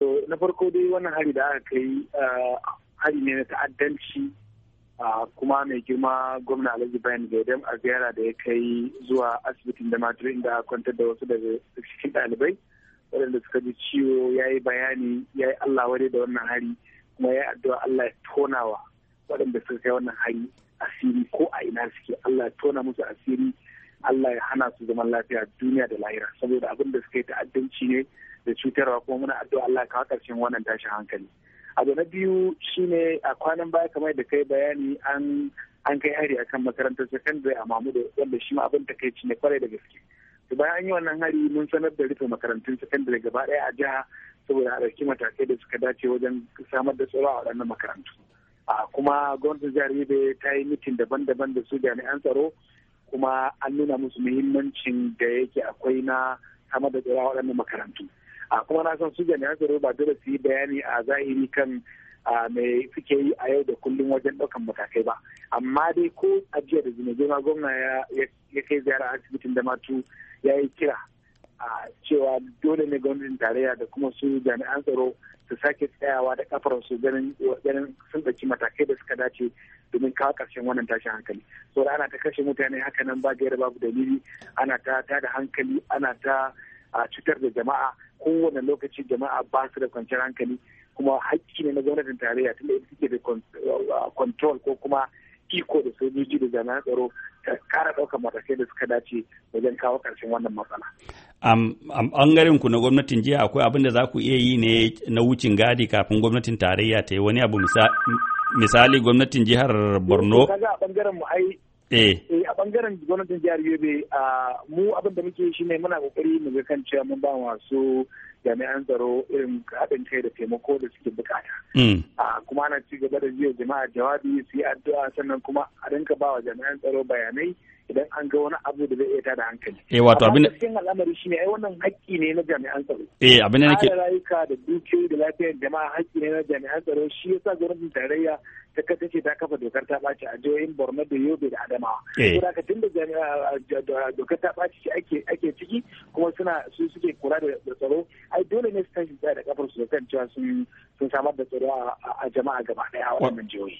na farko dai wannan hari da aka kai ah, hari ne na ta'addanci ah, kuma mai girma gwamna alhaji bayan gaidam a ziyara da ya kai zuwa asibitin da maturu inda kwantar da wasu daga cikin ɗalibai waɗanda suka ji ciwo ya yi bayani ya yi allah wadai da wannan hari kuma ya yi addu'a allah ya tonawa waɗanda suka kai wannan hari asiri ko a ina suke allah ya tona musu asiri allah ya hana su zaman lafiya duniya da lahira saboda abin da suka yi ta'addanci ne da cutarwa kuma muna addu'a Allah ka karshen wannan tashin hankali abu na biyu shine a kwanan baya kamar da kai bayani an an kai hari akan makarantar sakandare a mamudu wanda shi ma abin takaici ne kwarai da gaske to bayan an yi wannan hari mun sanar da rufe makarantun sakandare gaba daya a jiha saboda a ɗauki matakai da suka dace wajen samar da tsaro a waɗannan makarantu kuma gwamnatin jihar yobe ta yi mitin daban-daban da su jami'an tsaro kuma an nuna musu muhimmancin da yake akwai na samar da tsaro a waɗannan makarantu a kuma na san su jami'an tsaro ba dole su yi bayani a zahiri kan mai suke yi a yau da kullum wajen ɗaukan matakai ba amma dai ko ajiyar da zina jima gwamna ya kai ziyara asibitin da matu ya yi kira a cewa dole ne gwamnatin tarayya da kuma su jami'an tsaro su sake tsayawa da kafarsu ganin sun ɗauki matakai da suka dace domin kawo ƙarshen wannan tashin hankali saboda ana ta kashe mutane haka nan ba gaira babu dalili ana ta da hankali ana ta a cutar da jama'a kowane lokaci jama'a ba su da kwanciyar hankali kuma hakki ne na gwamnatin tarayya da ita take da uh, control ko kuma iko da sojoji da jami'an tsaro ta kara ɗaukar matakai da suka dace wajen kawo ƙarshen wannan matsala. A ɓangaren ku na gwamnatin jiya akwai abin da za ku iya yi ne na wucin gadi kafin gwamnatin tarayya ta yi wani abu misali gwamnatin jihar Borno. bangaren gwamnatin jihar yobe a mu abin da muke shi ne muna kokari mu ga kan cewa mun ba masu jami'an tsaro irin haɗin kai da taimako da suke bukata hmm. kuma ana ci gaba da jiya jama'a jawabi su yi addu'a sannan kuma a rinka ba wa jami'an tsaro bayanai idan an ga wani abu da zai iya tada hankali eh wato abin da cikin al'amari shine ai wannan haƙƙi ne na jami'an tsaro eh abin da nake rayuka da dukiyoyi da lafiyar jama'a haƙƙi ne na jami'an tsaro shi yasa gwamnatin tarayya ta kasance ta kafa dokar ta ɓaci a jihohin Borno da Yobe da Adamawa. Eh. haka tun da doka ta ɓaci shi ake ciki kuma suna su suke kula da tsaro ai dole ne su tashi da kafar su da kan cewa sun samar da tsaro a jama'a gaba ɗaya a wannan jihohi.